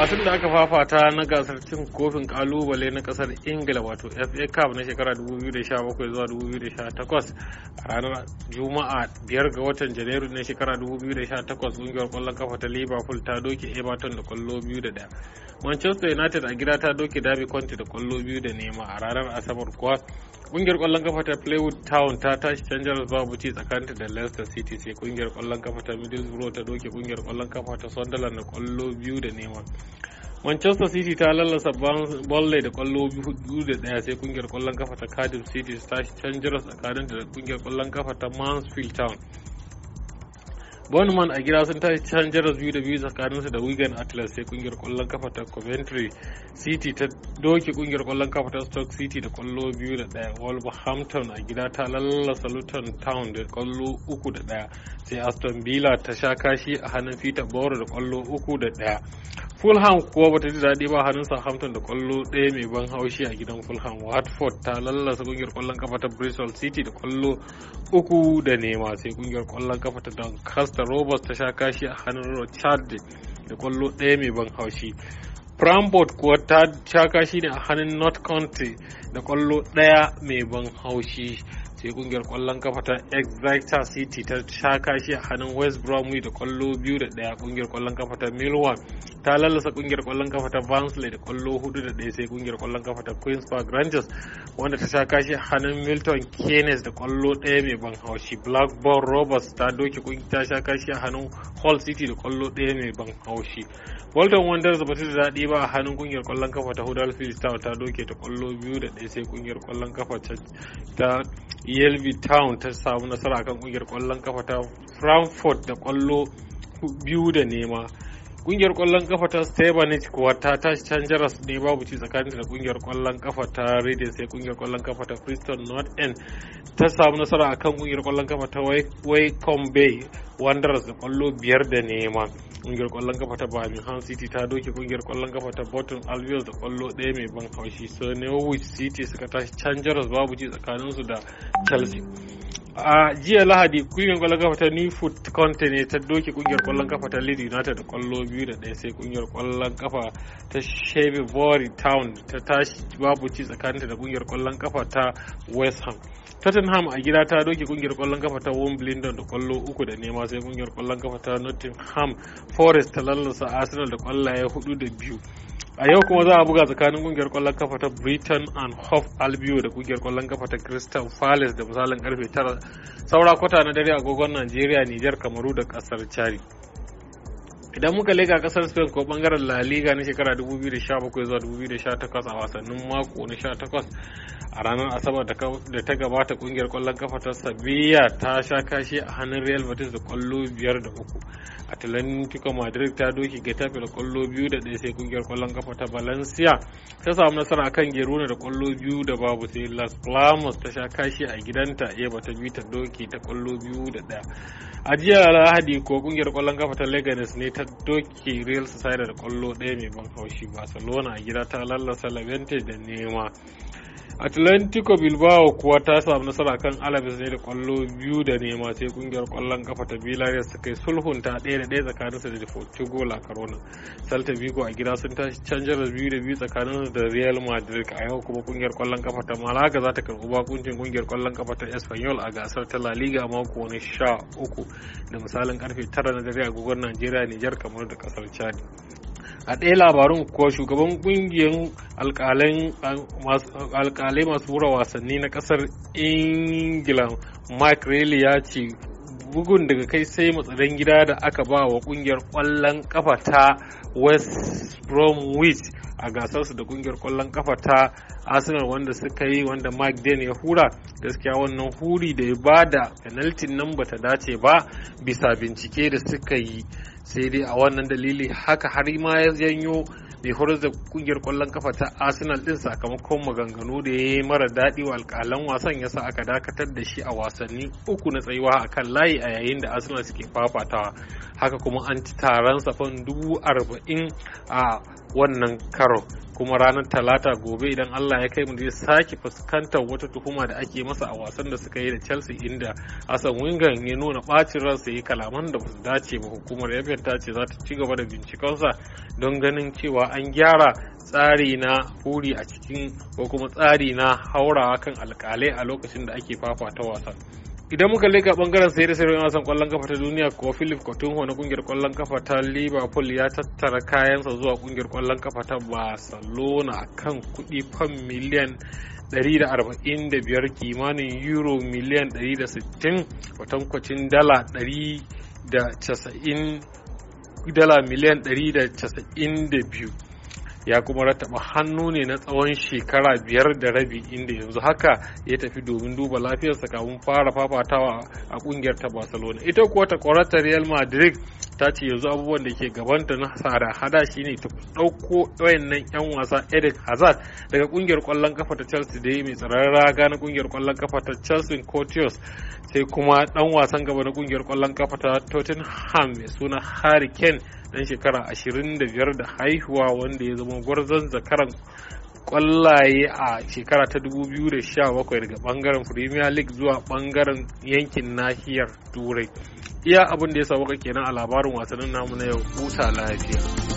wasan da aka fafata na gasar cin kofin kalubale na kasar ingila wato fa cup na shekara 2017 zuwa 2018 a ranar juma'a 5 ga watan janairu na shekara 2018 kungiyar kwallon kafa ta liverpool ta doke everton da kwallo biyu da daya manchester united a gida ta doke derby county da kwallo biyu da nema a ranar asabar kuwa kungiyar kwallon kafa ta playwood town ta tashi canjar babu ci tsakaninta da leicester city sai kungiyar kwallon kafa ta middlesbrough ta doke kungiyar kwallon kafa ta sunderland da kwallo biyu da neman. manchester city ta lallasa bolle da kwallo biyu da daya sai kungiyar kwallon kafa ta cardiff city ta tashi canjar tsakanin da kungiyar kwallon kafa ta mansfield town Bournemouth a gida sun tashi can jaras biyu da biyu tsakaninsu da Wigan Atlas sai kungiyar kwallon kafa ta Coventry City ta doke kungiyar kwallon kafa ta Stoke City da kwallo biyu da daya Wolverhampton a gida ta lallasa Luton Town da kwallo uku da daya sai Aston Villa ta sha kashi a hannun Borough da kwallo uku da daya fulham kuwa bata ji daɗi ba hannun southampton da kwallo ɗaya mai ban haushi a gidan fulham watford ta lallasa kungiyar kwallon kafa ta bristol city da kwallo uku da nema sai kungiyar kwallon kafa ta doncaster roberts ta sha kashi a hannun rochard da kwallo ɗaya mai ban haushi Brambot kuwa ta sha kashi ne a hannun North County da kwallo ɗaya mai ban haushi sai kungiyar kwallon kafa ta Exeter City ta sha kashi a hannun West Bromwich da kwallo biyu da ɗaya kungiyar kwallon kafa ta Millwall ta lallasa kungiyar kwallon kafa ta Barnsley da kwallo hudu da ɗaya sai kungiyar kwallon kafa ta Queen's Park Rangers wanda ta sha kashi hannun Milton Keynes da kwallo ɗaya mai ban haushi Blackburn Rovers ta doke kungiyar ta sha kashi hannun Hull City da kwallo ɗaya mai ban haushi Bolton Wanderers ba ta da daɗi ba a hannun kungiyar kwallon kafa ta Huddersfield Town ta doke ta kwallo biyu da ɗaya sai kungiyar kwallon kafa ta Yelby Town ta samu nasara akan kungiyar kwallon kafa ta Frankfurt da kwallo biyu da nema kungiyar kwallon kafa ta stevenage kuwa ta tashi can jaras ne babu ci tsakanin da kungiyar kwallon kafa ta Radiant sai kungiyar kwallon kafa ta Preston North End ta samu nasara akan kungiyar kwallon kafa ta Wycombe Bay Wanderers da kwallo biyar da nema kungiyar kwallon kafa ta Birmingham City ta doke kungiyar kwallon kafa ta bottom Albion da kwallo ɗaya mai ban haushi so Norwich City suka tashi can jaras babu ci tsakaninsu da Chelsea a jiya lahadi kungiyar kwallon kafa ta newfoot conte ne ta doke kungiyar kwallon kafa ta leeds united da kwallo biyu da ɗaya sai kungiyar kwallon kafa ta chevy town ta tashi babu ci tsakaninta da kungiyar kwallon kafa ta west ham Tottenham a gida ta doke kungiyar kwallon kafa ta Wimbledon da kwallo uku da nema sai kungiyar kwallon kafa ta Nottingham Forest ta lallasa Arsenal da kwallaye hudu da biyu. a yau kuma za a buga tsakanin kungiyar kwallon kafa ta britain and hof albio da kungiyar kwallon kafa ta crystal palace da misalin karfe 9 saura kwata na dare agogon nigeria niger kamaru da kasar chari idan muka leka kasar spain ko bangaren la liga na shekara 2017 zuwa 2018 a wasannin mako na 18 a ranar asabar da ta gabata kungiyar kwallon kafa ta sabiya ta sha kashi a hannun real madrid da kwallo biyar da uku atlantico madrid ta doki getafe da kwallo biyu da ɗaya sai kungiyar kwallon kafa ta valencia ta samu nasara akan gerona da kwallo biyu da babu sai las palmas ta sha kashi a gidanta eba ta biyu ta doki ta kwallo biyu da ɗaya a jiya lahadi ko kungiyar kwallon kafa ta leganes ne ta ta doki real society da kwallo ɗaya mai ban haushi barcelona a gida ta lallasa labente da nema atlantico bilbao kuwa ta samu nasara kan alabes ne da kwallo biyu da nema sai kungiyar kwallon kafa ta villarreal su kai sulhunta ɗaya da ɗaya tsakaninsa da deportivo la corona celta vigo a gida sun tashi canjar biyu da biyu tsakanin da real madrid a yau kuma kungiyar kwallon kafa ta malaga za ta karɓi bakuncin kungiyar kwallon kafa ta espanyol a gasar ta la liga mako na sha uku da misalin karfe tara na dare a gugun najeriya nijar kamar da kasar chad a ɗaya labarin kuwa shugaban ƙungiyar alƙalai masu wura wasanni na ƙasar ingila mark reilly ya ce bugun daga kai sai matsadan gida da aka ba wa ƙungiyar ƙwallon kafa ta west bromwich a gasarsu da ƙungiyar ƙwallon kafa ta arsenal wanda suka yi wanda mark den ya hura gaskiya wannan huri da ya ba da penalty nan ta dace ba bisa bincike da suka yi sai dai a wannan dalili haka har ma ya janyo mai horar da kungiyar kwallon kafa ta arsenal din sakamakon maganganu da ya yi mara daɗi wa alƙalan wasan ya sa aka dakatar da shi a wasanni uku na tsayuwa a kan layi a yayin da arsenal suke fafatawa haka kuma an ci taron safan dubu arba'in a wannan karo kuma ranar talata gobe idan Allah ya kai mu zai sake fuskantar wata tuhuma da ake masa a wasan da suka yi da Chelsea inda Hassan Wenger ya nuna bacin ransa yi kalaman da ba su dace ba hukumar Everton ta ce za ta ci gaba da bincikansa don ganin cewa an gyara tsari na furi a cikin ko kuma tsari na haurawa kan alkalai a lokacin da ake fafa ta wasan idan muka leka bangaren sayar da da wasan kwallon kafa ta duniya ko philip cotunho na kungiyar kwallon kafa ta liverpool ya tattara kayansa zuwa kungiyar kwallon kafa ta barcelona kan kudi fam miliyan 145 kimanin euro miliyan 160 kwatankwacin dala 190 dala miliyan 192 ya kuma rattaba hannu ne na tsawon shekara biyar da rabi inda yanzu haka ya tafi domin duba lafiyarsa kafin fara fafatawa a kungiyar ta barcelona ita kuwa ta real madrid ta ce yanzu abubuwan da ke gabanta na hada hada shine ta ɗauko wayannan 'yan wasa Eric Hazard daga kungiyar kwallon kafa ta Chelsea da ya mai tsaron raga na kungiyar kwallon kafa ta Chelsea Courtiers sai kuma dan wasan gaba na kungiyar kwallon kafa ta Tottenham mai suna Harry Kane dan shekara 25 da haihuwa wanda ya zama gwarzon zakaran kwallaye a shekara ta 2017 daga bangaren premier league zuwa bangaren yankin nahiyar turai iya abin da ya sauka kenan a labarin wasannin namu na yau huta lafiya